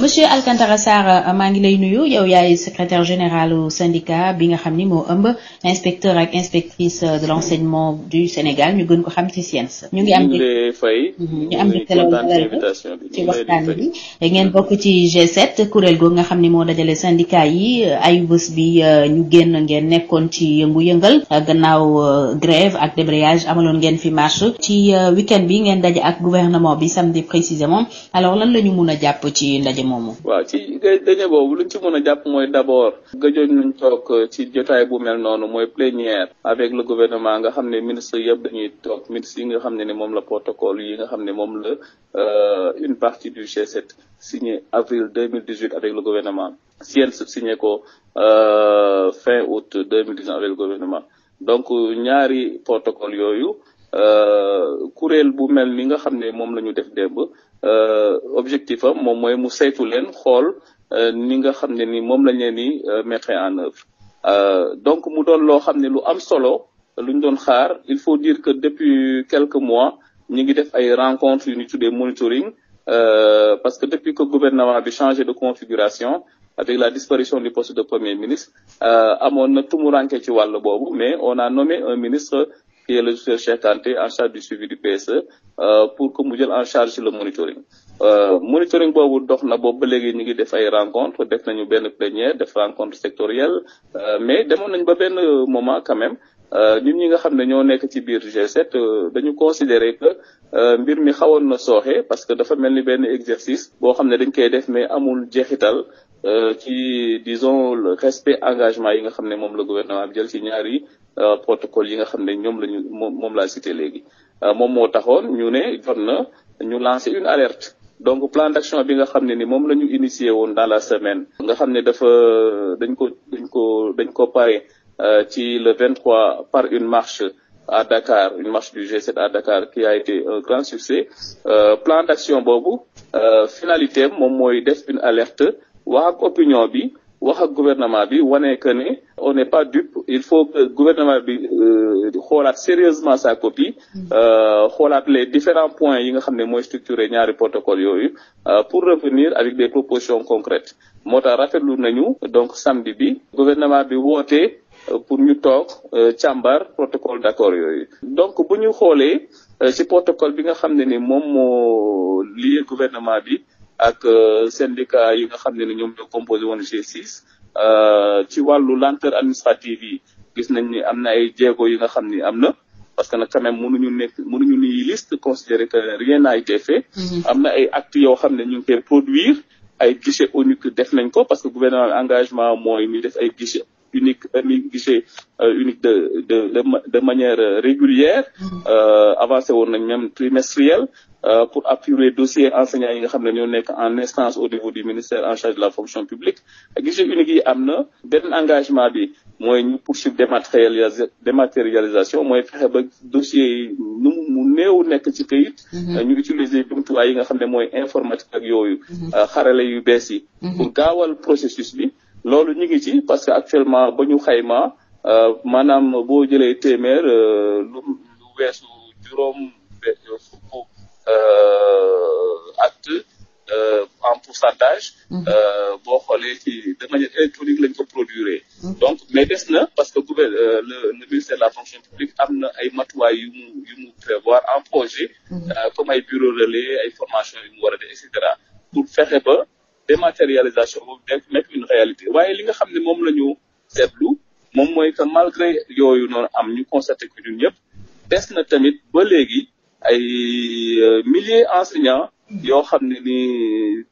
monsieur Alcantara Sarr maa ngi lay nuyu yow yaay secrétaire général syndicat bi nga xam ni moo ëmb inspecteur ak inspectrice de l'enseignement du Sénégal ñu gën ko xam ci CIENS. ñu ngi am fay mhm. ñu am di teloon ci waxtaan bi ngeen bokk ci G7 kuréel googu nga xam ni moo dajale syndicat yi ayu bés bi euh, ñu génn ngeen nekkoon ci yëngu-yëngal gannaaw euh, grève ak débrayage amaloon ngeen fi marche ci euh, week-end bi ngeen daje ak gouvernement bi samedi précisément alors moomu. waaw ci daje boobu luñ ci moon a jàpp mooy d'abord. gëjoon luñ toog euh, ci jotaay bu mel noonu mooy plénière. avec le gouvernement nga xam ne ministre yëpp dañuy toog ministre yi nga xam ne ni moom la protocole yi nga xam ne moom la euh, une partie du G7 signé avril 2018 avec le gouvernement. Siel signé ko euh, fin août 2019 avec le gouvernement donc ñaari protocole yooyu. Euh, kuréel bu mel ni nga xam ne moom la ñu def démb euh, objectif am moom mooy mu saytu leen xool euh, ni nga xam ne ni moom lañ leen ni mettre en œuvre donc mu doon loo xam ne lu am solo lu ñu doon xaar il faut dire que depuis quelques mois ñu ngi def ay rencontres yu ñu tuddee monitoring parce que depuis que gouvernement bi changé de configuration avec la disparition du poste de premier ministre amoon na tumuranke ci wàll boobu mais on a un ministre qui est en charge du suivi du PSE euh, pour que mu jël en charge le monitoring euh, monitoring boobu dox na boobu ba léegi ñu ngi def ay rencontre def nañu benn plénière def rencontre sectorielle euh, mais demoon nañ ba benn moment quand même ñun ñi nga xam ne ñoo nekk ci biir G7 dañu considérer que mbir mi xawoon na sooxe parce que dafa mel ni benn exercice boo xam ne dañ koy def mais amul jeexital ci disons le respect engagement yi nga xam ne moom la gouvernement bi jël ci ñaar yi Euh, protocole yi nga xam ne ñoom la ñu moom moom laa cité léegi euh, moom moo taxoon ñu ne jot na ñu lancer une alerte donc plan d'action bi nga xam ne ni moom la ñu initié woon dans la semaine nga xam ne dafa dañ ko dañ ko dañ ko pare euh, ci le vingt 23 par une marche à Dakar une marche du G7 à Dakar qui a été un grand succès plan d'action boobu finalité moom mooy def une alerte wax opinion bi wax ak gouvernement bi wane que ne on n'est pas dupe il faut que gouvernement bi euh, xoolaat sérieusement sa copie mm. euh, xoolaat les différents point yi nga xam ne mooy structuré ñaari protocole yooyu euh, pour revenir avec des propositions concrètes moo tax rafetlu nañu donc samedi bi gouvernement bi woote pour ñu toog càmbar protocole d'accord yooyu donc bu ñu xoolee ci protocole bi nga xam ne ni moom moo lié gouvernement bi ak euh, syndicat yi nga xam ne ne ñoom ñoo composé woon G6 euh, ci wàllu lenteur administrative yi gis nañ ni am na ay jéego yi nga xam ni am na parce que na quand même ñu nekk mënuñu ni liste considérer que rien n'a été fait mm-hmm. am na ay actes yoo xam ne ñu ngi koy produire ay guichet unique def nañ ko parce que gouvernement engagement mooy ñu def ay guichet unique un euh, guichet unique de de de, de manière euh, régulière mm-hmm. euh, avancé woon nañ même trimestriel pour appuyer dossier enseignants yi nga xam ne ñoo nekk en instance au niveau du ministère en charge de la fonction publique guichet unique yi am na benn engagement bi mooy ñu poursuivre dématérialisa dématérialisation mooy fexe ba dossier yi nu mu néew nekk ci kayit mm-hmm. ñu utiliser jumtuwaay yi nga xam ne mooy informatique ak yooyu mm-hmm. xarale yu bees yi pour gaawal processus bi loolu ñu ngi ci parce que actuellement ba ñu xayma euh, maanaam boo jëlee téeméer euh, lu lu weesu juróom euh, fukk at en pourcentage. Mhm. boo xoolee ci de manière électronique lañ ko produire. Mhm. donc mais des na parce que gouver le ministère la fonction publique am na ay matuwaay yu mu yu prévoir en projet. Mhm. comme ay bureau relais ay formation yu mu war a def et cetera pour fexe ba. dématérialisation boobu waaye li nga xam ne moom la ñu seetlu moom mooy que malgré yooyu noonu am ñu constaté ku ñun ñëpp des na tamit ba léegi ay euh, milliers enseignants yoo xam ne ni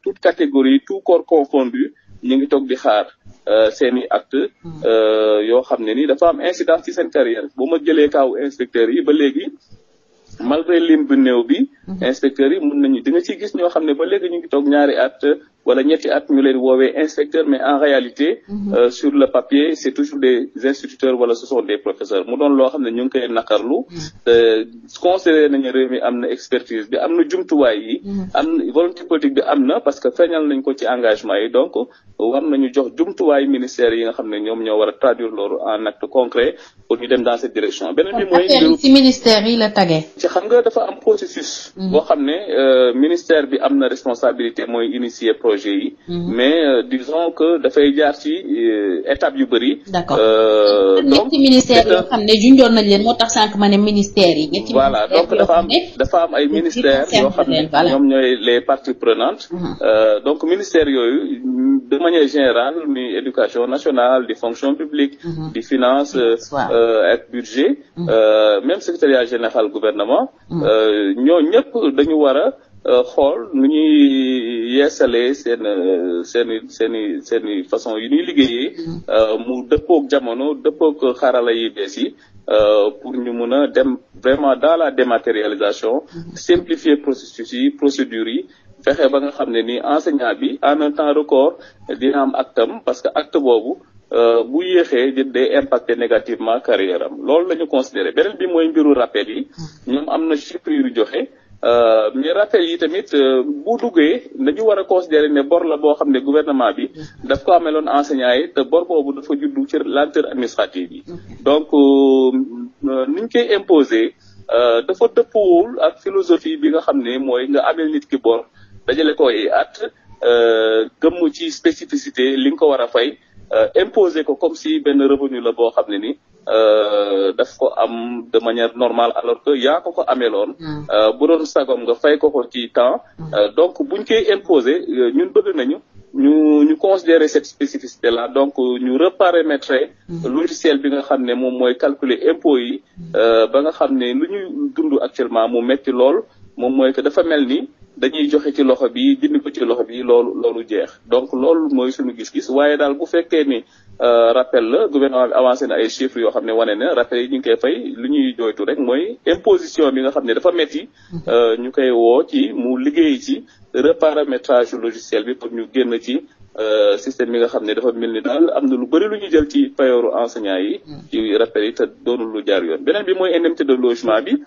toute catégorie tout corps confondu ñu ngi toog di xaar euh, seen i acte hmm. euh, yoo xam ne ni dafa am incidence ci seen carrière bu ma jëlee kaaw inspecteurs yi ba léegi malgré lim bu néew bi Mhm. inspecteurs yi mun nañu di nga ciy gis ñoo xam ne ba léegi ñu ngi toog ñaari at wala ñetti at ñu leen woowee inspecteur mais en réalité mhm. euh, sur le papier c'est toujours des instituteurs wala ce sont des professeurs mu doon loo xam ne ñu ngi koy naqarlu mhm. euh, considéré nañu réew mi am na expertise bi am na jumtuwaay yi am na volonté bi am na parce que feeñal nañ ko ci engagement yi donc na ñu jox jumtuwaay ministère yi nga xam ne ñoom ñoo war a traduire loolu en acte concret pour ñu dem dans cette direction beneen bi mooy ci xam nga dafa am processus Mm-hmm. boo xam ne euh, ministère bi am na responsabilité mooy initier projet yi mm-hmm. mais euh, disons que dafay jaar ci euh, étape yu bëri d'accord ñetti ministère yoo xam ne junjoon nañ leen moo tax sànq ma ne ministère yi ñetti voilà donc dafa am dafa am ay ministère yoo xam ne ñoom ñooy les parties prenantes mm-hmm. donc ministère yooyu de manière générale muy éducation nationale di fonction publique mm -hmm. di finance euh, euh ak budget mm -hmm. même secrétariat général gouvernement mhm. euh, ñoo ñëpp dañu war a xool nu ñuy yeesalee seen sen seen i seen i façon yu ñuy liggéeyee mhm. mu dëppook jamono dëppook xarala yi bees yi pour ñu mun a dem vraiment dans la dématérialisation mhm. simplifier processus yi procédures yi fexe ba nga xam ne ni enseignant bi en un temps record dina am actam parce que acte boobu euh, bu yéexee day impacté négativement carrière am loolu la ñu considéré beneen bi mooy mbiru rappel yi ñoom am na chiffre yu joxe euh, mais rappel yi tamit euh, bu duggee dañu war a considérer ne bor la boo xam ne gouvernement bi daf ko ameloon enseignant yi te bor boobu dafa juddu ci lenteur administrative yi donc ni ñu koy imposer dafa dëppuwul ak philosophie bi nga xam ne mooy nga amel nit ki dajale ko ay at euh, gëmm ci spécificité li nga ko war a fay euh, imposer ko comme si benn revenu la boo xam ne ni euh, daf ko am de manière normale alors que yaa ko ko ameeloon ah. bu doon sagom nga fay ko ko ci temps ah. donc buñ koy imposer ñun bëgg nañu ñu ñu considérer cette spécificité la donc ñu reparamétrer mm-hmm. logiciel bi nga xam ne moom mooy calculer impôts yi mm-hmm. ba nga xam ne lu ñuy dundu actuellement mu metti lool moom mooy que dafa mel ni dañuy joxe ci loxo bi dindi ko ci loxo bi loolu loolu jeex donc loolu mooy suñu gis-gis waaye daal bu fekkee ni euh, rappel la gouvernement bi avancé na ay chiffres yoo xam ne wane na rappel yi ñu koy fay lu ñuy jooytu rek mooy imposition bi nga xam ne dafa metti euh, ñu koy woo ci mu liggéey ci reparamétrage logiciel bi pour ñu génn ci euh, système bi nga xam ne dafa mel ni daal am na lu bëri lu ñu jël ci payooru enseignants yi mm. ci rappel yi te doonul lu jaar yoon beneen bi mooy indemnité de logement bi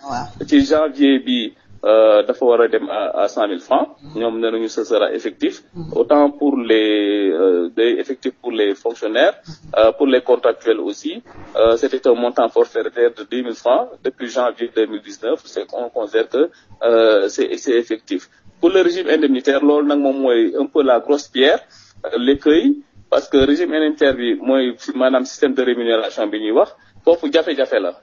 ci janvier bi Euh, dafa war a dem à cent mille francs ñoom nee nañu ce sera effectif mm-hmm. autant pour les euh, des effectifs pour les fonctionnaires mm-hmm. euh, pour les contractuels aussi c'était un montant forfaitaire de dix mille francs depuis janvier deux mille dix neuf c'est on considère que c'est c'est effectif pour le régime indemnitaire loolu nag moom mooy un peu la grosse pierre l'écueil parce que régime indemnitaire bi mooy maanaam système de rémunération bi ñuy wax foofu jafe-jafe la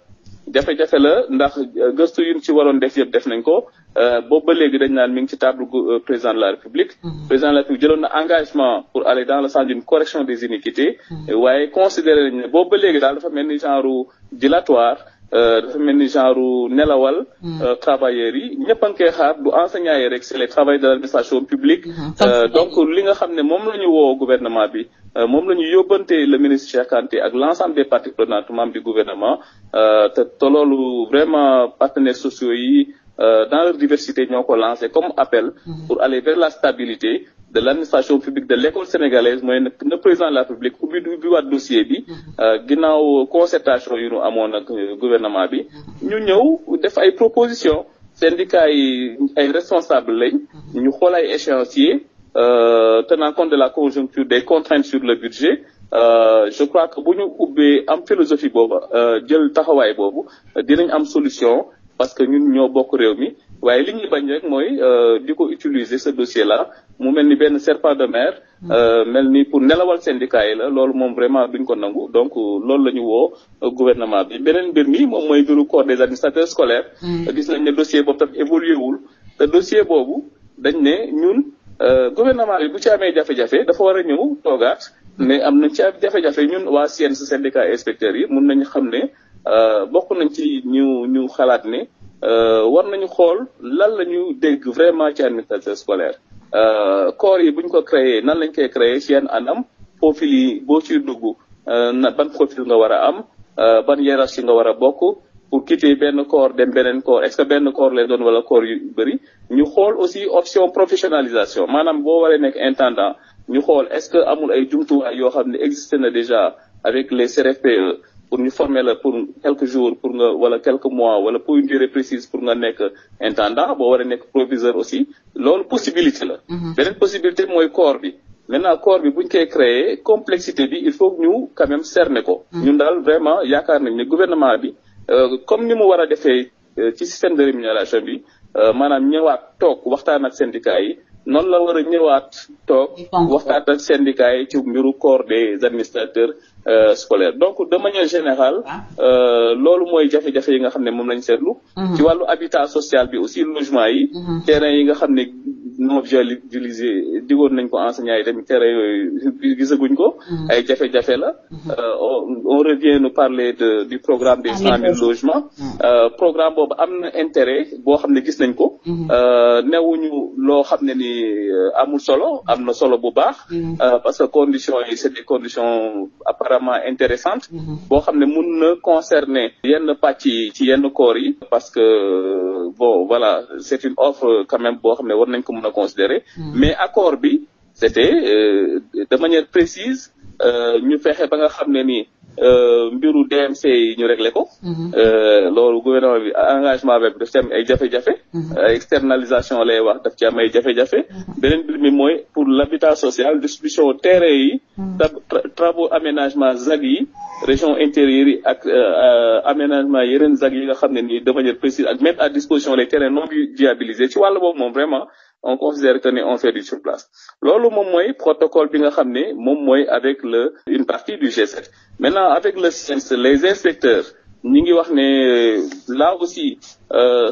jafe-jafe la ndax euh, gëstu yu ci waroon def yëpp def nañ ko euh, boobu ba léegi dañ naan mi ngi ci table euh, président de la république mm-hmm. président de la république jëloon na engagement pour aller dans le sens une correction des iniquités mm-hmm. waaye considéré nañ ne boobu ba léegi daal dafa mel ni genre dilatoire Euh, dafa mel ni genre nelawal. Hmm. Euh, travailleurs yi ñëpp a ngi koy xaar du enseignants rek c'est les travailleurs de l'administration publique. Hmm. Euh, donc li nga xam ne moom la ñu woo gouvernement bi moom la ñu yóbbante le ministre Cheikh Kanté ak l'ensemble des parties prenantes membres gouvernement te te vraiment partenaires sociaux yi dans leur diversité ñoo ko lancé comme appel. Hmm. pour aller vers la stabilité. de l'administration publique de l'école sénégalaise mooy nag na président de la République ubbi ubbi waat dossier bi mm-hmm. euh, ginnaaw concertation yu nu amoon ak euh, gouvernement bi mm-hmm. ñu ñëw def ay proposition syndicat yi ay responsable lañ mm-hmm. ñu xoolaay ay échéancier euh, tenant compte de la conjoncture des contraintes sur le budget Euh, je crois que bu ñu ubbee am philosophie boobu jël taxawaay boobu dinañ am solution parce que ñun ñoo bokk réew mi waaye li ñuy bañ rek mooy euh, di ko utiliser ce dossier la mu mel ni benn serpent de maire mm. euh, mel ni pour nelawal syndicat yi la loolu moom vraiment duñ ko nangu donc euh, loolu la ñu woo gouvernement bi beneen mbir mi moom mooy mbiru corps des administrateurs scolaires. Mm. gis nañ ne dossier boobu tam évolué wul te dossier boobu dañ ne ñun gouvernement bi bu ci amee jafe-jafe dafa war a ñëw toogaat. mais am nañ ci ab jafe-jafe ñun waa CNC syndicat inspecteurs yi mun nañu xam ne bokk nañ ci ñu ñu xalaat ne. Euh, war nañu xool lan la ñu dégg vraiment ci administrateur scolaire euh, corps yi bu ñu ko créer nan lañ koy créé ci yenn anam profil yi boo ciy dugg euh, na ban profil nga war a am ban hiérarchie nga war a bokk pour quitter benn corps dem beneen corps est-ce que benn corps lay doon wala corps yu bëri ñu xool aussi option professionnalisation maanaam boo waree nekk intendant ñu xool est-ce que amul ay jumtuwaay yoo xam ne existé na déjà avec les CRFPE pour ñu former la pour quelques jours pour nga wala quelques mois wala pour une durée précise pour nga nekk intendant boo war a nekk proviseur aussi loolu possibilité la mhm. beneen possibilité mooy corps bi maintenant corps bi bu ñu koy créer complexité bi il faut ñu quand même ne ko mhm. ñun daal vraiment yaakaar nañ ne gouvernement bi euh, comme ni mu war a defee euh, ci système de rémunération bi euh, maanaam ñëwaat toog waxtaan ak syndicat yi noonu la war a ñëwaat toog waxtaan ak syndicat yi ci mbiru corps des administrateurs Euh, scolaire donc de manière générale ah. euh, loolu mooy jafe-jafe yi nga xam ne moom lañ seetlu mhm. ci wàllu habitat social bi aussi logement yi mhm. terrain yi nga xam non viabilisé digoon nañ ko enseignants yi tamit terrain yooyu ko. Mm-hmm. ay jafe-jafe la. Mm-hmm. Euh, on revient nous parler du programme des ah, cent mille logements. Mm-hmm. Euh, programme boobu am na intérêt boo xam ne gis nañ ko. Euh, newuñu loo xam ne ni amul solo am na solo bu baax. parce que conditions yi c'est des conditions apparemment intéressantes. boo xam ne mun na concerner yenn pàcc yi ci yenn corps yi. parce que bon voilà c'est une offre boo xam ne war nañ ko mën a considéré mm. mais accord bi c'était euh, de manière précise euh, ñu fexe ba nga xam ne ni euh, mbiru DMC yi ñu réglé ko mm-hmm. euh, loolu gouvernement bi engagement bi daf ci am ay jafe-jafe mm-hmm. externalisation lay wax daf ci am ay jafe-jafe mm-hmm. beneen mbir mi mooy pour l'habitat social distribution terrain yi travaux aménagement ZAC yi région intérieure yi ak euh, euh, aménagement yeneen ZAC yi nga xam ne nii de manière précise ak mettre à disposition les terrains non viabilisés ci wàll boobu moom vraiment on considère que ne on fait du sur loolu moom mooy protocole bi nga xam ne moom mooy avec le une partie du G7 maintenant avec le CENS les inspecteurs ñi ngi wax ne euh, là aussi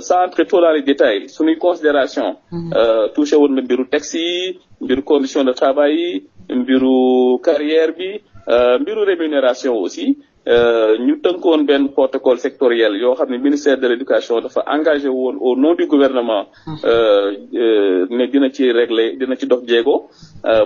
sans entrer trop dans les détails suñuy considération mhm. touché woon na mbiru taxi yi mbiru condition de travail yi mbiru carrière bi Euh, mbiru rémunération aussi euh, ñu tënkoon benn protocole sectoriel yoo xam ne ministère de l'éducation dafa engagé woon au nom du gouvernement mm-hmm. euh, ne dina ci régler dina ci dox jéego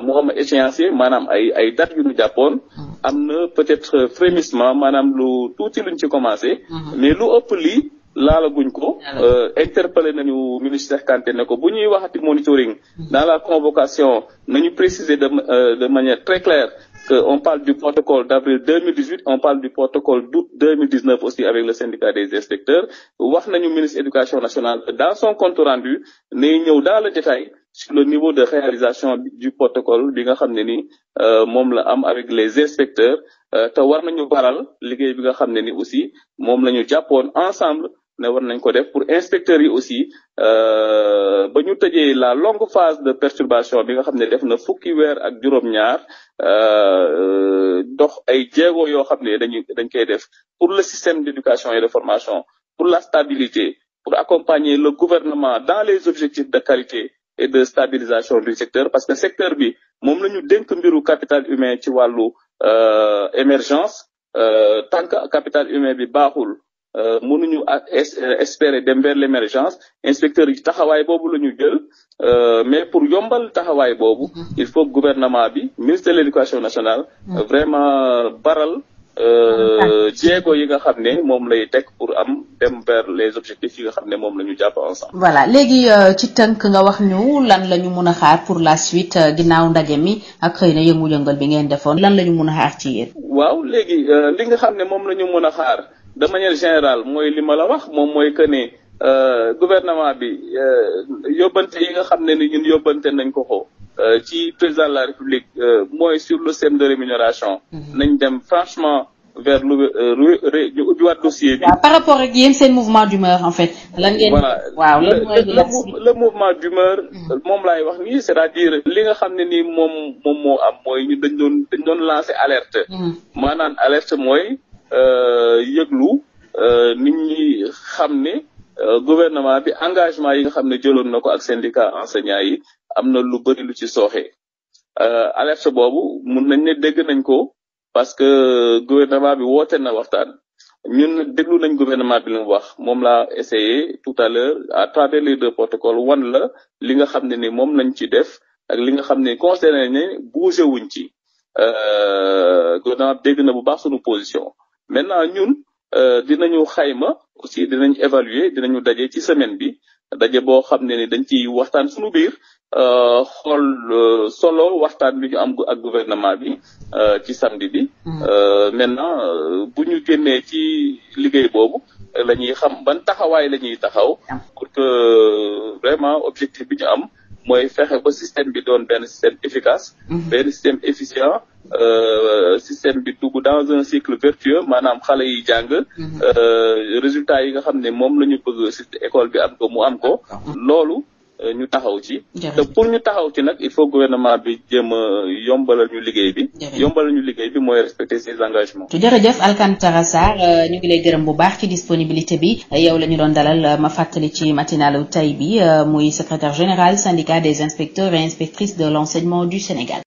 mu am échéancier maanaam ay ay date yu ñu jàppoon mm-hmm. am na peut-être frémissement maanaam lu tuuti luñ ci commencé mm-hmm. mais lu ëpp lii laalaguñ ko. Euh, interpellé nañu ministère Kanté ne ko bu ñuy waxati monitoring. Hmm. dans la convocation nañu préciser de euh, de manière très claire que on parle du protocole d'avril 2018 on parle du protocole d'août 2019 aussi avec le syndicat des inspecteurs wax nañu ministre éducation nationale dans son compte rendu nay ñëw dans le détail sur le niveau de réalisation du protocole bi nga xam ne ni euh, moom la am avec les inspecteurs. Euh, te war nañu baral liggéey bi nga xam ne ni aussi moom la ñu jàppoon ensemble ne war nañ ko def pour inspecteurs yi aussi euh, ba ñu tëjee la longue phase de perturbation bi nga xam ne def na fukki weer ak juróom-ñaar euh, dox ay jéego yoo xam ne dañuy dañ koy def pour le système d'éducation et de formation pour la stabilité pour accompagner le gouvernement dans les objectifs de qualité et de stabilisation du secteur parce que secteur bi moom la ñu dénk mbiru capital humain ci wàllu Euh, émergence euh, tant que capital humain bi baaxul euh, mënuñu espérer dem vers l'émergence inspecteur yi taxawaay boobu la ñu jël mais pour yombal taxawaay boobu mhm. il faut gouvernement bi ministre de l'éducation nationale mhm. vraiment baral Euh, jéego yi nga xam ne moom lay teg pour am dem vers les objectifs yi nga xam ne moom la ñu jàpp ensemble. voilà léegi euh, ci tënk nga wax ñu lan la ñu mun a xaar pour la suite euh, ginnaaw ndaje mi ak xëy na yëngu-yëngal bi ngeen defoon lan la ñu mun a xaar ci yéen. waaw léegi li nga xam ne moom la ñu mun a xaar de manière générale mooy li ma la wax moom mooy que ne gouvernement bi yóbbante yi nga xam ne ni ñun yóbbante nañ ko xoo. Euh, ci président de la république euh, mooy sur le système de rémunération. Mhm. nañ dem franchement vers lu euh, ñu ubbiwaat dossier bi. Ah, par rapport ak yéen seen mouvement d'humeur en fait. le mouvement d'humeur. Mhm. moom laay wax nii c'est-à-dire. li nga xam ne nii moom moom moo am mooy dañ doon dañ doon lancer alerte. Mhm. maanaam alerte mooy yëglu nit ñi xam ni gouvernement bi engagement yi nga xam ne jëloon na ko ak syndicat enseignants yi. am na lu bëri lu ci sooxe euh, alerte boobu mun nañ ne dégg nañ ko parce que gouvernement bi woote na waxtaan ñun déglu nañ gouvernement bi li mu wax moom laa essayé tout à l'heure à travers les deux protocoles wan la li nga xam ne ni moom lañ ci def ak li nga xam ne concerné ne bougé wuñ ci euh, gouvernement bi dégg na bu baax suñu position maintenant ñun euh, dina ñu xayma aussi dinañ évaluer dinañu daje ci semaine bi daje boo xam ne ni dañ ciy waxtaan sunu biir Euh, xool euh, solo waxtaan bi ñu am ak gouvernement bi euh, ci samedi bi. Mm. maintenant bu ñu génnee ci liggéey boobu la ñuy xam ban taxawaay la ñuy taxaw. Ah. pour que vraiment objectif bi ñu am mooy fexe ba système bi doon benn système efficace. Mm-hmm. benn système efficient. système bi dugg dans un cycle vertueux maanaam xale yi jàng mm-hmm. résultat yi nga xam ne moom la ñu bëgg école bi am ko mu am ko loolu ñu taxaw ci te pour ñu taxaw ci nag il faut gouvernement bi jéem a ñu liggéey bi yombalal ñu liggéey bi mooy respecter ses engagements jërëjëf Alcantara euh, ñu ngi lay gërëm bu baax ci disponibilité bi yow la ñu doon dalal ma fàttali ci matinalu tay bi euh, muy secrétaire général syndicat des inspecteurs et inspectrices de l'enseignement du Sénégal